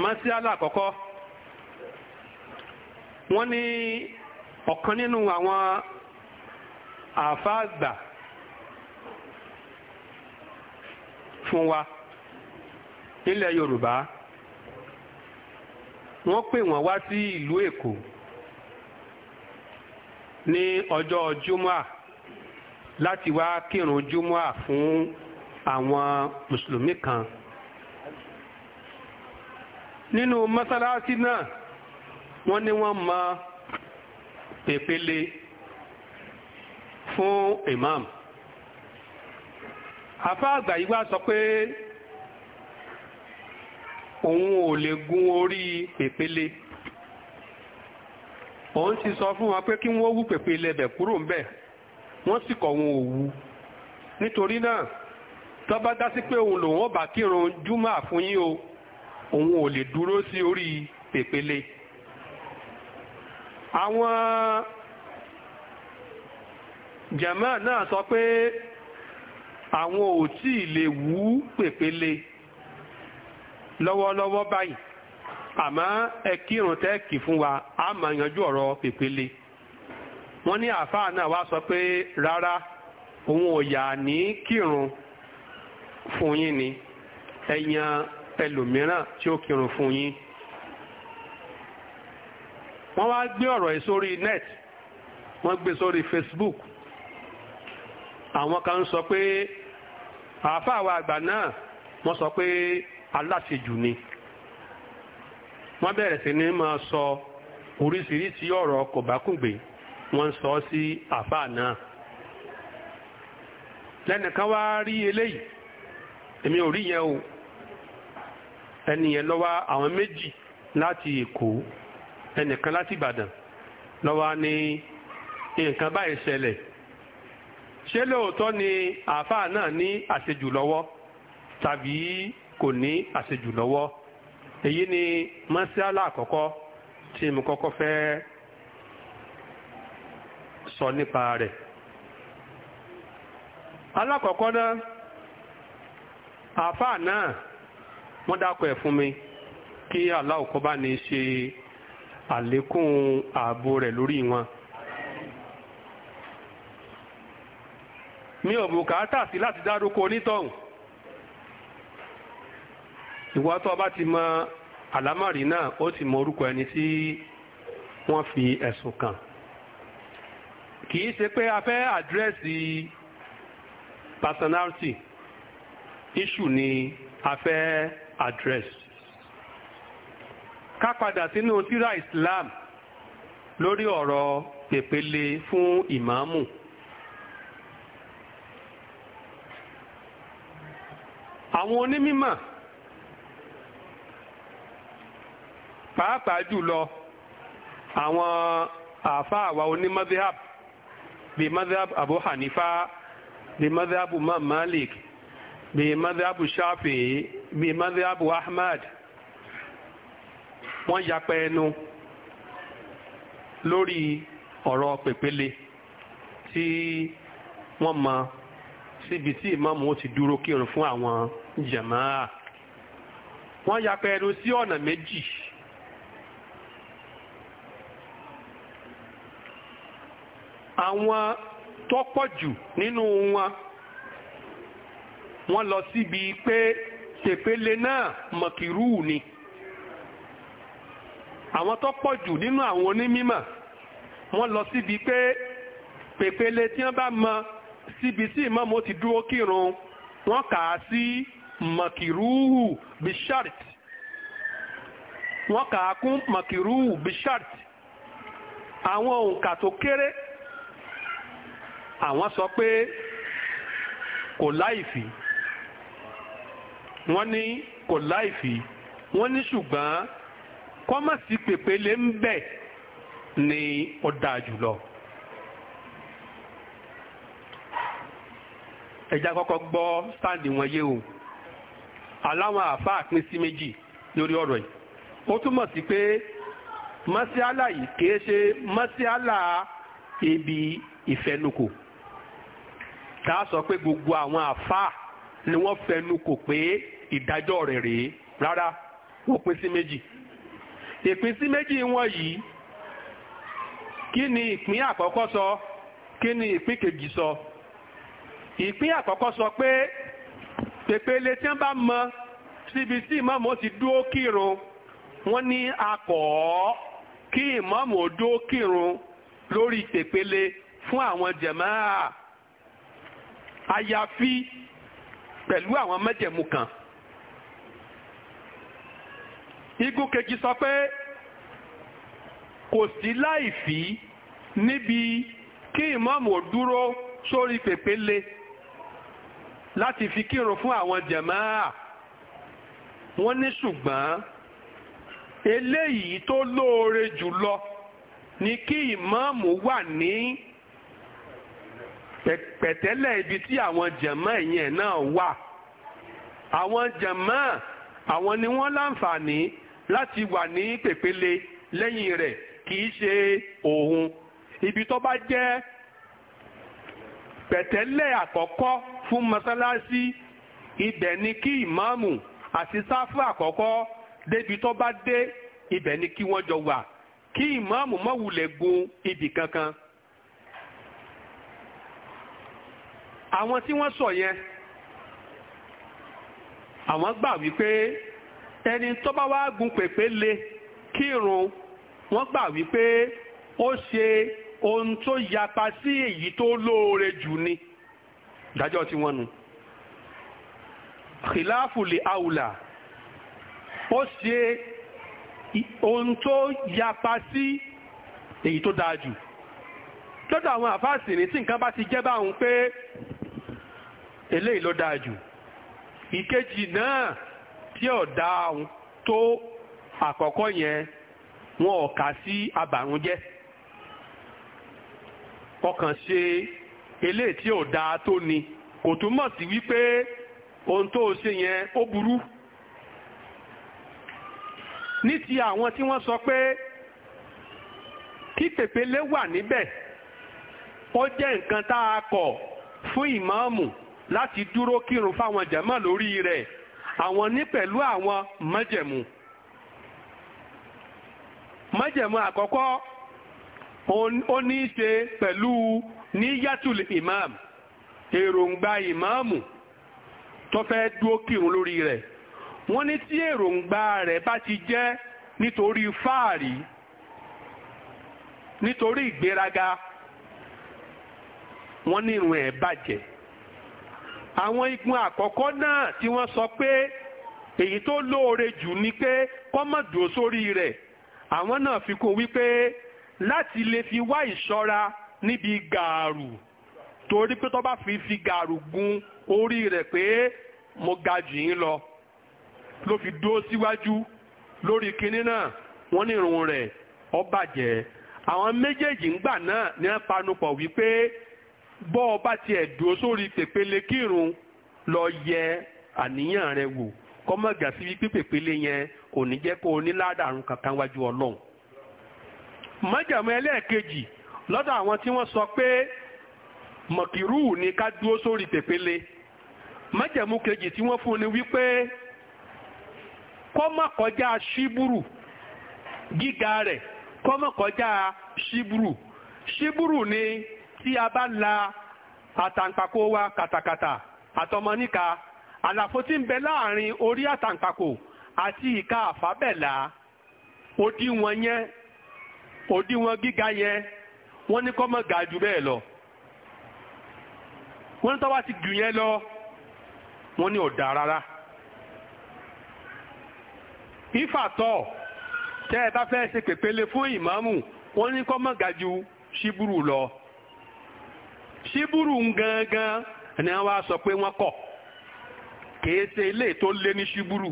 masíálà àkọ́kọ́ wọ́n ní ọ̀kan nínú àwọn àfáàgbà fún wa nílẹ̀ Yorùbá wọ́n pè wọ́n wá sí ìlú Èkó ní ọjọ́ jumua láti wá kírun jumua fún àwọn mùsùlùmí kan nínú mọ́sálásí náà wọ́n ní wọ́n ma pèpele fún imam afá àgbà yìí wá sọ pé òun ò lè gun orí pèpele òun ti sọ fún wa pé kí wọ́n wú pèpele ẹ̀bẹ̀ kúrò ń bẹ̀ wọ́n sì kọ̀ wọn ò wú nítorí náà tọ́ba dá sí pé òun lòun ọba kírun júmọ́ àfúnyí o òun ò lè dúró sí orí pèpele àwọn jama náà sọ pé àwọn ò tí ì lè wú pèpele lọ́wọ́lọ́wọ́ báyìí àmọ́ ẹ kírun tẹ́ẹ̀kì fún wa a máa yanjú ọ̀rọ̀ pèpele wọ́n ní àáfàá náà wá sọ pé rárá òun ò yà ní kírun fún yín ni ẹ̀yàn ẹlòmíràn tí ó kírun fún yín wọ́n wá gbé ọ̀rọ̀ yìí sórí net wọ́n gbé sórí Facebook àwọn kan sọ pé àáfàá àwọn àgbà náà wọ́n sọ pé aláṣejù ni wọ́n bẹ̀rẹ̀ sí ní máa sọ oríṣiríṣi ọ̀rọ̀ kòbákùngbé wọ́n sọ sí àáfàá náà lẹ́nìkan wá rí eléyìí èmi ò rí yẹn o ẹni yẹn lọ́wọ́ àwọn méjì láti Èkó ẹnìkan láti Ìbàdàn lọ́wọ́ ní nǹkan báyìí ṣẹlẹ̀ ṣé lóòótọ́ ni àáfàá náà ní àṣejù lọ́wọ́ tàbí kò ní àṣejù lọ́wọ́ èyí ni mọ́sálà àkọ́kọ́ tí mo kọ́kọ́ fẹ́ sọ nípa rẹ̀ alákọ̀ọ́kọ́ náà àáfàá náà wọ́n dákọ̀ ẹ̀ fún mi kí aláwọ̀ kọ́ bá ní ṣe àlékún ààbò rẹ̀ lórí wọn. mi ò bùkátà sí láti dárúkọ onítọ̀hún ìwà tó bá ti mọ àlámọ̀rí náà ó ti mọ orúkọ ẹni tí wọ́n fi ẹ̀sùn kàn kì í ṣe pé a fẹ́ àdírẹ́sì personality issue ni a fẹ́ address ká padà sínú tírà Islam lórí ọ̀rọ̀ pèpele fún ìmáàmù. àwọn onímọ̀ pàápàá jùlọ àwọn àáfàá àwa onímọ̀déhàb bíi madhab Abu Hanifa bíi madhab Imam Malik bíi madhab Shafi'i bíi Abu ahmad wọ́n yapa ẹnu lórí ọ̀rọ̀ pèpele tí wọ́n mọ síbi tí ìmáàmù ó ti dúró kírun fún àwọn jàmáà wọ́n yapa ẹnu sí ọ̀nà méjì. àwọn tó pọ̀ jù nínú wọn wọ́n lọ síbi pé pepele náà mọ̀kìrú ni àwọn tó pọ̀ jù nínú àwọn onímímọ̀ wọ́n lọ síbi pé pèpele tí wọ́n bá mọ síbi tí ìmọ̀mọ́ ti dúró kírun wọ́n kà á sí mọ̀kìrúhù bishart wọ́n kà á kún mọ̀kìrúhù bishart àwọn òǹkà tó kéré àwọn sọ pé kò láìfì wọ́n ní kò láìfì wọ́n ní ṣùgbọ́n kọ́mọ̀sí pèpele ń bẹ̀ ni ó dáa jùlọ. ẹja kọ́kọ́ gbọ́ sáàdì wọn yé o aláwọn àáfàá pín sí méjì lórí ọ̀rọ̀ yìí ó túmọ̀ sí pé mọ́síálà yìí kìí ṣe mọ́síálà ibi ìfẹnukò tá a sọ pé gbogbo àwọn àáfàá ni wọ́n fẹnu kò pé ìdájọ́ rẹ̀ rèé rárá wọ́n pín sí méjì ìpín sí méjì wọn yìí kí ni ìpín àkọ́kọ́ sọ kí ni ìpín kejì sọ ìpín àkọ́kọ́ sọ pé pèpele tí wọ́n bá mọ síbi tí ìmọ̀mù ti dúó kírun wọ́n ní akọ̀ ọ́ kí ìmọ̀mù ó dúó kírun lórí pèpele fún àwọn jẹ̀máà àyàfi pẹ̀lú àwọn mẹ́jẹ̀mú kan. igun kejì sọ pé kò sí láìfí níbi kí ìmọ̀mù ò dúró sórí pèpéle láti fi kírun fún àwọn jàmáà wọ́n ní ṣùgbọ́n eléyìí tó lóore jùlọ ni kí ìmọ̀mù wà ní pẹ̀tẹ́lẹ̀ ibi tí àwọn jẹ̀mọ́ yẹn náà wà àwọn jẹ̀mọ́ àwọn ni wọ́n láǹfààní láti wà ní pèpele lẹ́yìn rẹ̀ kì í ṣe òun ibi tó bá jẹ́ pẹ̀tẹ́lẹ̀ àkọ́kọ́ fún mọ́sálásí ibẹ̀ ni kí ìmáàmù àti sáfù àkọ́kọ́ débi tó bá dé ibẹ̀ ni kí wọ́n jọ wà kí ìmáàmù má gun ibì kankan àwọn tí wọ́n sọ yẹn àwọn gbà wípé ẹni tó bá wá gun pèpè le kírun wọ́n gbà wípé ó ṣe ohun tó yapa sí èyí tó lóore jù ni dájọ́ tí wọ́n nu khilafuli aula ó ṣe ohun tó yapa sí èyí tó dáa jù lọ́dọ̀ àwọn àfáàsì ní tí nǹkan bá ti jẹ́ báwọn pé eléyìí ló dáa jù ìkejì náà tí ò dáa tó àkọ́kọ́ yẹn wọn ò kà sí abàrúnjẹ́ ọkàn ṣe eléyìí tí ò dáa tó ni kò túmọ̀ sí wípé ohun tó ṣe yẹn ó burú ní ti àwọn tí wọ́n sọ pé kí pèpele wà níbẹ̀ ó jẹ́ nǹkan tá a kọ̀ fún ìmáàmù láti dúró kírun fáwọn jàmá lórí rẹ̀ àwọn ní pẹ̀lú àwọn májẹ̀mú. májẹ̀mú àkọ́kọ́ ó ní í ṣe pẹ̀lú níyàtul imam èròǹgbà ìmáàmù tó fẹ́ dúró kírun lórí rẹ̀ wọ́n ní tí èròǹgbà rẹ̀ bá ti jẹ́ nítorí fáàrí nítorí ìgbéraga wọ́n ní irun ẹ̀ bàjẹ́ àwọn igun àkọ́kọ́ náà tí wọ́n sọ pé èyí tó lóore jù ni pé kọ́mọ̀dùn sórí rẹ̀ àwọn náà fi kún wípé láti lè fi wá ìṣọ́ra níbi gààrù torí pé tó fi fi gààrù gun orí rẹ̀ pé mo ga jù yín lọ ló fi dúró síwájú lórí kinní náà wọ́n ní irun rẹ̀ ó bàjẹ́ àwọn méjèèjì ńgbà náà ní wọ́n panupọ̀ wípé bọ́ ọ bá tiẹ̀ dúró sórí pèpele kírun lọ yẹ àníyàn rẹ wò kọ́mọ̀gà sí wípé pèpele yẹn kò ní jẹ́ kó o ní ládàrún kankan wájú ọlọ́run. májàmú ẹlẹ́ẹ̀kejì lọ́dọ̀ àwọn tí wọ́n sọ pé mọ̀kìrú ni ká dúró sórí pèpele májàmú kejì tí wọ́n fún ni wípé kọ́mọ̀kọjá ṣíbùrù gíga rẹ̀ kọ́mọ̀kọjá ṣíbùrù ṣíbùrù ni tí a bá la àtàǹpàkò wa kàtàkàtà àtọmọníka àlàfo tí ń bẹ láàrin orí àtàǹpàkò àti ìka àfábẹ̀là òdiwọ̀n yẹn òdiwọ̀n gíga yẹn wọ́n ní kó má ga jù bẹ́ẹ̀ lọ wọ́n ní tó bá ti jù yẹn lọ wọ́n ní ọ̀dà rárá ìfàtọ̀ tẹ́ ẹ bá fẹ́ ṣe pèpele fún ìmáàmù wọ́n ní kó má ga jù lọ ṣíbùrù gangan ni wọ́n á sọ pé wọ́n kọ̀ kìí ṣe ilé tó lé ní ṣíbùrù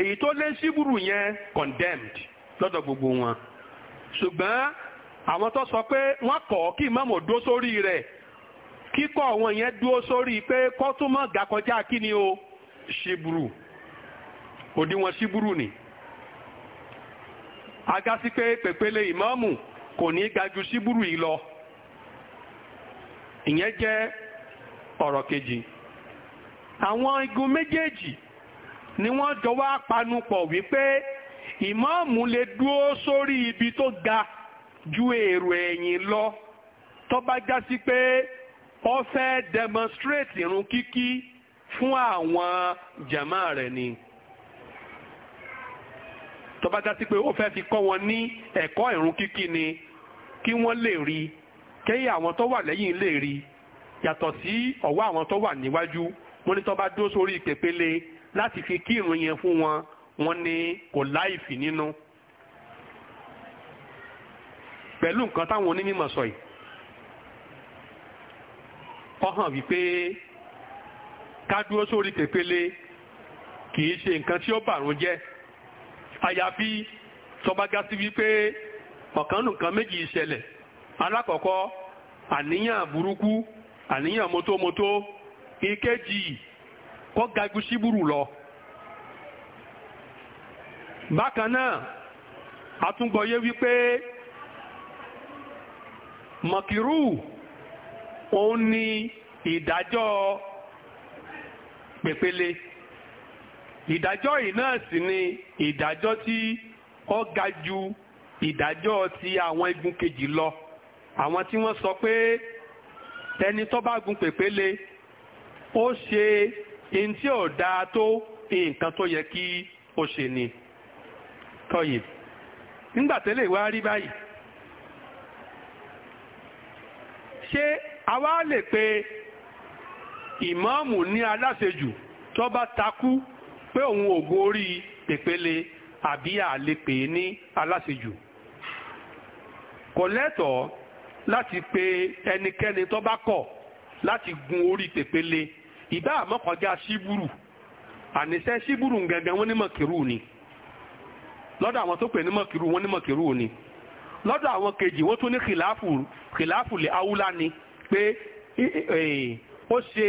èyí tó lé ṣíbùrù yẹn condemned lọ́dọ̀ gbogbo wọn ṣùgbọ́n àwọn tó sọ pé wọ́n kọ̀ kí ìmáàmù dó sórí rẹ̀ kíkọ̀ wọn yẹn dúró sórí pé kọ́túmọ̀ ga kọjá kí ni o ṣíbùrù òdiwọ̀n ṣíbùrù ni agasi pé pèpele ìmáàmù kò ní ga ju ṣíbùrù yìí lọ ìyẹn jẹ́ ọ̀rọ̀ kejì àwọn igun méjèèjì ni wọ́n jọ wá panupọ̀ wípé ìmáàmù lè dúró sórí ibi tó ga ju èrò ẹ̀yìn lọ tó bá já sí pé ó fẹ́ demonstrate irun kíkí fún àwọn jàmáà rẹ̀ ni tó bá já sí pé ó fẹ́ fi kọ́ wọn ní ẹ̀kọ́ irun kíkí ni kí wọ́n lè rí i kéyìn àwọn tó wà lẹ́yìn lè rí yàtọ̀ sí ọ̀wọ́ àwọn tó wà níwájú wọ́n ní tó bá dó sórí pèpele láti fi kírun yẹn fún wọn wọ́n ní kò láìfì nínú pẹ̀lú nǹkan táwọn onímọ̀ sọ yìí ó hàn wípé ká dúró sórí pèpele kì ṣe nǹkan tí ó bàrún jẹ́ àyàfi tó bá wípé ọ̀kan nǹkan méjì ṣẹlẹ̀ alákọ̀ọ́kọ́ àníyàn buruku, àníyàn mọ́tómọ́tó ìkejì kọ́ gagu síbúrú lọ. bákan náà àtúngbọ̀yé wípé mọ̀kìrú òun ni ìdájọ́ pèpele ìdájọ́ yìí náà sì ni ìdájọ́ tí ó ga ti àwọn igun kejì lọ àwọn tí wọ́n sọ pé tẹni tó bá gun pèpéle ó ṣe ihun tí ò dáa tó nǹkan tó yẹ kí ó ṣe ni tọ́yì nígbà tẹ́lẹ̀ wá rí báyìí ṣé àwa lè pe ìmáàmù ní aláṣejù tó bá takú pé òun ò gorí pèpéle àbí àlepè ní aláṣejù kò lẹ́tọ̀ọ́ láti pe ẹnikẹ́ni tó bá kọ̀ láti gun orí pèpele ìbá àmọ́kọjá síbúrù àníṣẹ́ síbúrù gẹ́gẹ́ wọ́n ní mọ̀kìrú ni lọ́dọ̀ àwọn tó pè ní mọ̀kìrú wọ́n ní mọ̀kìrú ni lọ́dọ̀ àwọn kejì wọ́n tún ní kìláàfù kìláàfù lè áwúlá ni pé ó ṣe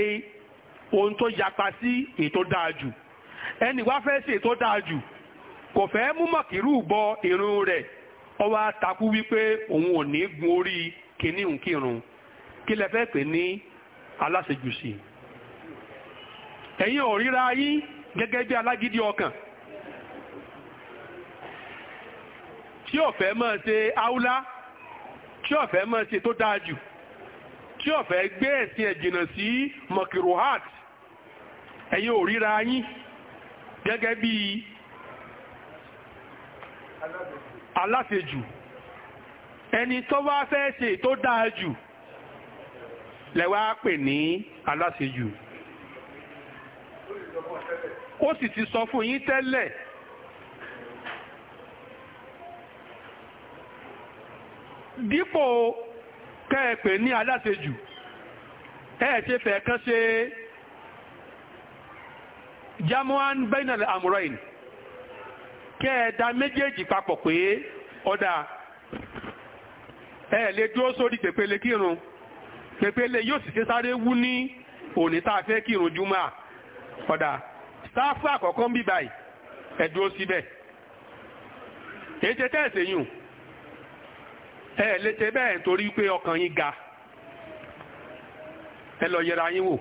ohun tó yapa sí ètò dáa jù ẹni wá fẹ́ ṣe ètò dáa jù kò fẹ́ mú mọ̀kìrú bọ ìrun rẹ̀ ó wá wípé òun ò ní gun orí kíní nkírun kí lẹ fẹ́ pè ní aláṣejù sí ẹ̀yin ò ríra yín gẹ́gẹ́ bí alágídí ọkàn tí ò fẹ́ máa ṣe áúlá tí ò fẹ́ máa ṣe tó dáa jù tí ò fẹ́ gbé ẹ̀sìn ẹ̀ jìnnà sí mọ̀kìròhát ẹ̀yin ò ríra yín gẹ́gẹ́ bí aláṣejù. ẹni tó wá fẹ́ ṣe tó dáa jù lẹ́wà pè ní aláṣejù ó sì ti sọ fún yín tẹ́lẹ̀ dípò kẹ́ẹ̀pẹ̀ ní aláṣejù ẹ̀ẹ́ṣẹ́ fẹ́ kán ṣe jamuan bainal amurain kẹ́ẹ̀dá méjèèjì papọ̀ pé ọ̀dà ẹ lè dúró sórí pèpele kírun pèpele yóò sì ṣe sáré wú ní òní tá a fẹ́ kírun júmọ́ ọ̀dà sáfù àkọ́kọ́ ń bí báyìí ẹ síbẹ̀ èyí ṣe yùn ẹ bẹ́ẹ̀ torí pé ọkàn yín ga ẹ lọ yẹra yín wò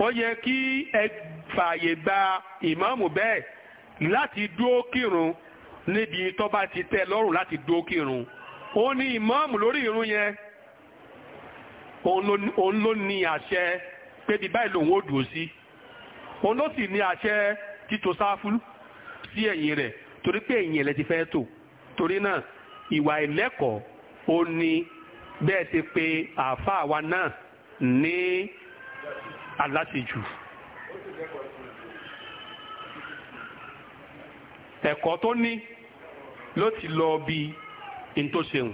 ó yẹ kí ẹ fààyè gba ìmáàmù bẹ́ẹ̀ láti dúó kírun níbi tó bá ti tẹ́ lọ́rùn láti dúó kírun. òun ni ìmáàmù lórí irun yẹn òun ló ní àṣẹ pé bí báyìí lòun ó dùn sí òun ló sì ní àṣẹ títò sáfù sí ẹ̀yìn rẹ̀ torí pé ẹ̀yìn ẹ̀ ti fẹ́ tò torí náà ìwà ìlẹ́kọ̀ọ́ ó ní bẹ́ẹ̀ ti pé àáfàá wa náà ní aláṣejù. ẹ̀kọ́ tó ní ló ti lọ bíi in tó ṣeun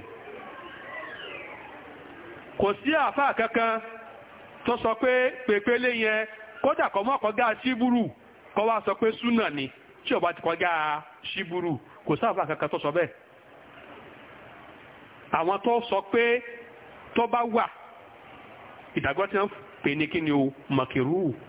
kò sí àfáà kankan tó sọ pé pèpele yẹn kódà kọ mọ́ kọjá síbúrù kọ wá sọ pé súnà ni tí ó bá ti kọjá síbúrù kò sí àfáà kankan tó sọ bẹ́ẹ̀ àwọn tó sọ pé tó bá wà ìdàgbọ́ tí wọ́n pè ní kí o mọ̀kìrú